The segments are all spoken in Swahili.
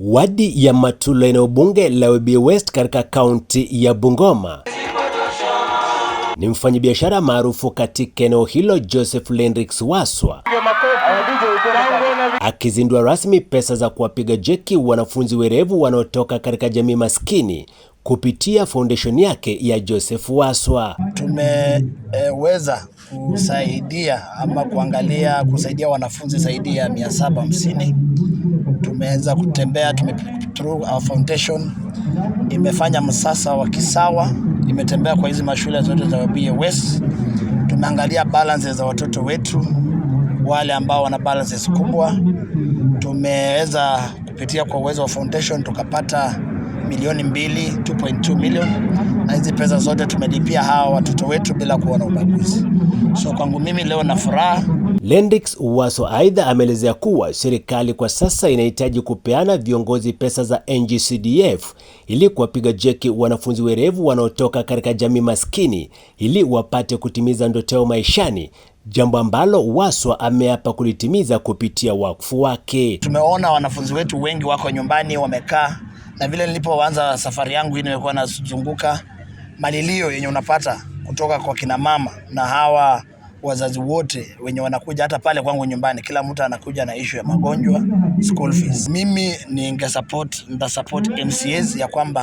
Wadi ya Matulo eneo bunge la Webuye West katika kaunti ya Bungoma. Ni mfanyabiashara maarufu katika eneo hilo Joseph Lenrix Waswa akizindua rasmi pesa za kuwapiga jeki wanafunzi werevu wanaotoka katika jamii maskini kupitia foundation yake ya Joseph Waswa. Tumeweza kusaidia ama kuangalia kusaidia wanafunzi zaidi ya mia saba hamsini. Tumeweza kutembea tume through our foundation imefanya msasa wa Kisawa, imetembea kwa hizi mashule zote za Webuye West. Tumeangalia balances za watoto wetu wale ambao wana balances kubwa. Tumeweza kupitia kwa uwezo wa foundation tukapata milioni mbili, 2.2 million na hizi pesa zote tumelipia hawa watoto wetu bila kuona ubaguzi. So kwangu mimi leo na furaha. Lendix Uwaso aidha ameelezea kuwa serikali kwa sasa inahitaji kupeana viongozi pesa za ngcdf ili kuwapiga jeki wanafunzi werevu wanaotoka katika jamii maskini ili wapate kutimiza ndoto yao maishani, jambo ambalo waswa ameapa kulitimiza kupitia wakfu wake. Tumeona wanafunzi wetu wengi wako nyumbani wamekaa, na vile nilipoanza safari yangu hii nimekuwa nazunguka malilio yenye unapata kutoka kwa kina mama na hawa wazazi wote wenye wanakuja hata pale kwangu nyumbani, kila mtu anakuja na ishu ya magonjwa, school fees. Mimi nda support MCAs ya kwamba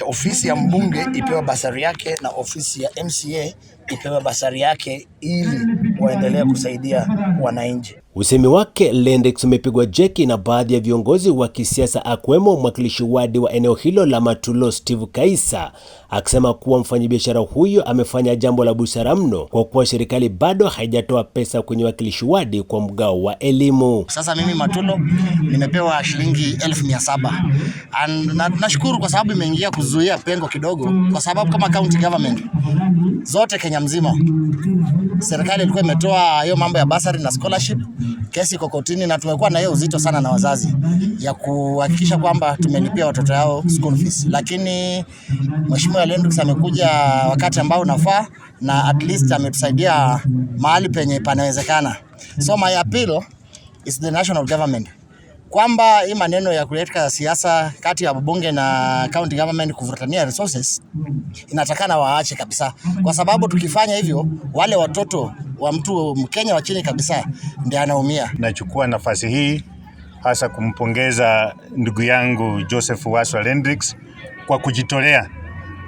ya ofisi ya mbunge ipewe basari yake na ofisi ya MCA ipewe basari yake ili waendelee kusaidia wananchi. Usemi wake Lendex umepigwa jeki na baadhi ya viongozi wa kisiasa akiwemo mwakilishi wadi wa eneo hilo la Matulo Steve Kaisa akisema kuwa mfanyabiashara huyo amefanya jambo la busara mno kwa kuwa serikali bado haijatoa pesa kwenye wakilishi wadi kwa mgao wa elimu. Sasa mimi Matulo nimepewa shilingi elfu mia saba na nashukuru kwa sababu imeingia kuzuia pengo kidogo, kwa sababu kama county government zote Kenya mzima serikali ilikuwa tumetoa hiyo mambo ya basari na scholarship, kesi iko kotini, na tumekuwa na hiyo uzito sana na wazazi ya kuhakikisha kwamba tumelipia watoto yao school fees, lakini mheshimiwa Lendix amekuja wakati ambao unafaa na at least ametusaidia mahali penye panawezekana. So my appeal is the national government kwamba hii maneno ya kuleta siasa kati ya bunge na county government kuvutania resources inatakana waache kabisa, kwa sababu tukifanya hivyo wale watoto wa mtu Mkenya wa chini kabisa ndiye anaumia. Nachukua nafasi hii hasa kumpongeza ndugu yangu Joseph Waswa Lendrix kwa kujitolea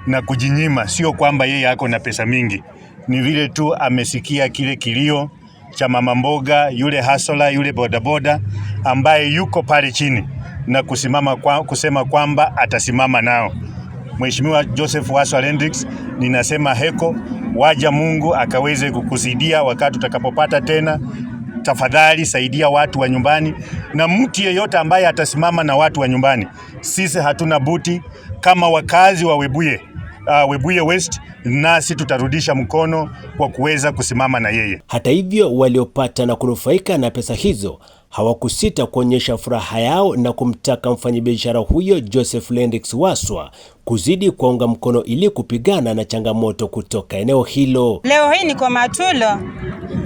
na kujinyima. Sio kwamba yeye ako na pesa mingi, ni vile tu amesikia kile kilio cha mama mboga yule hasola yule bodaboda ambaye yuko pale chini na kusimama kwa, kusema kwamba atasimama nao. Mheshimiwa Joseph Waswa Lendrix, ninasema heko waja Mungu akaweze kukusaidia wakati utakapopata tena. Tafadhali saidia watu wa nyumbani na mtu yeyote ambaye atasimama na watu wa nyumbani. Sisi hatuna buti kama wakazi wa Webuye, uh, Webuye West nasi tutarudisha mkono kwa kuweza kusimama na yeye. Hata hivyo, waliopata na kunufaika na pesa hizo hawakusita kuonyesha furaha yao na kumtaka mfanyabiashara huyo Joseph Lendix Waswa kuzidi kuwaunga mkono ili kupigana na changamoto kutoka eneo hilo. Leo hii niko Matulo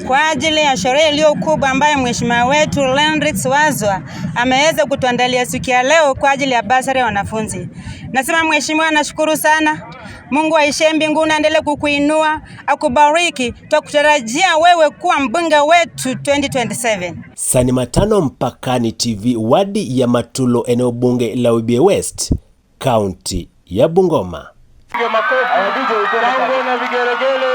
kwa ajili ya sherehe iliyo kubwa ambayo mheshimiwa wetu Lendix Waswa ameweza kutuandalia siku ya leo kwa ajili ya basari ya wanafunzi. Nasema mheshimiwa, nashukuru sana Mungu aishie mbinguni aendelee kukuinua, akubariki. Twakutarajia wewe kuwa mbunge wetu 2027. Sani Matano, Mpakani TV, wadi ya Matulo, eneo bunge la Wibie West, kaunti ya Bungoma.